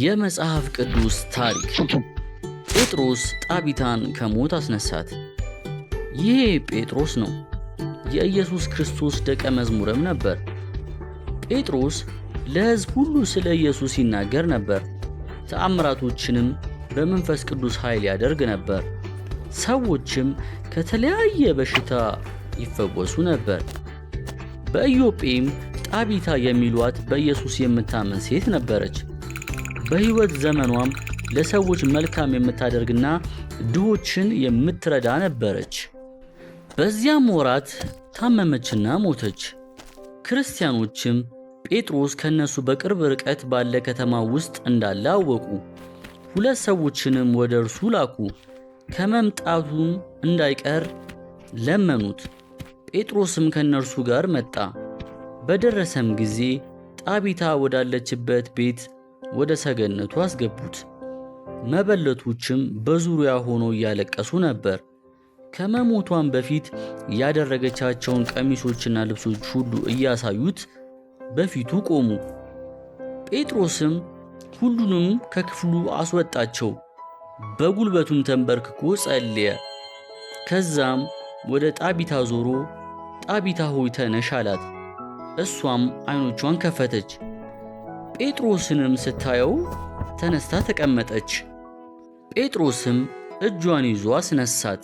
የመጽሐፍ ቅዱስ ታሪክ ጴጥሮስ ጣቢታን ከሞት አስነሳት። ይሄ ጴጥሮስ ነው፣ የኢየሱስ ክርስቶስ ደቀ መዝሙርም ነበር። ጴጥሮስ ለሕዝብ ሁሉ ስለ ኢየሱስ ይናገር ነበር፣ ተአምራቶችንም በመንፈስ ቅዱስ ኃይል ያደርግ ነበር። ሰዎችም ከተለያየ በሽታ ይፈወሱ ነበር። በኢዮጴም ጣቢታ የሚሏት በኢየሱስ የምታምን ሴት ነበረች። በህይወት ዘመኗም ለሰዎች መልካም የምታደርግና ድሆችን የምትረዳ ነበረች። በዚያም ወራት ታመመችና ሞተች። ክርስቲያኖችም ጴጥሮስ ከነሱ በቅርብ ርቀት ባለ ከተማ ውስጥ እንዳለ አወቁ። ሁለት ሰዎችንም ወደ እርሱ ላኩ። ከመምጣቱም እንዳይቀር ለመኑት። ጴጥሮስም ከእነርሱ ጋር መጣ። በደረሰም ጊዜ ጣቢታ ወዳለችበት ቤት ወደ ሰገነቱ አስገቡት። መበለቶችም በዙሪያ ሆነው እያለቀሱ ነበር። ከመሞቷን በፊት ያደረገቻቸውን ቀሚሶችና ልብሶች ሁሉ እያሳዩት በፊቱ ቆሙ። ጴጥሮስም ሁሉንም ከክፍሉ አስወጣቸው። በጉልበቱም ተንበርክኮ ጸለየ። ከዛም ወደ ጣቢታ ዞሮ ጣቢታ ሆይ ተነሽ አላት። እሷም ዓይኖቿን ከፈተች። ጴጥሮስንም ስታየው ተነስታ ተቀመጠች። ጴጥሮስም እጇን ይዞ አስነሳት።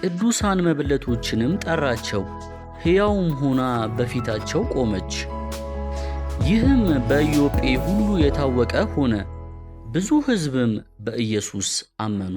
ቅዱሳን መበለቶችንም ጠራቸው፣ ሕያውም ሆና በፊታቸው ቆመች። ይህም በኢዮጴ ሁሉ የታወቀ ሆነ። ብዙ ሕዝብም በኢየሱስ አመኑ።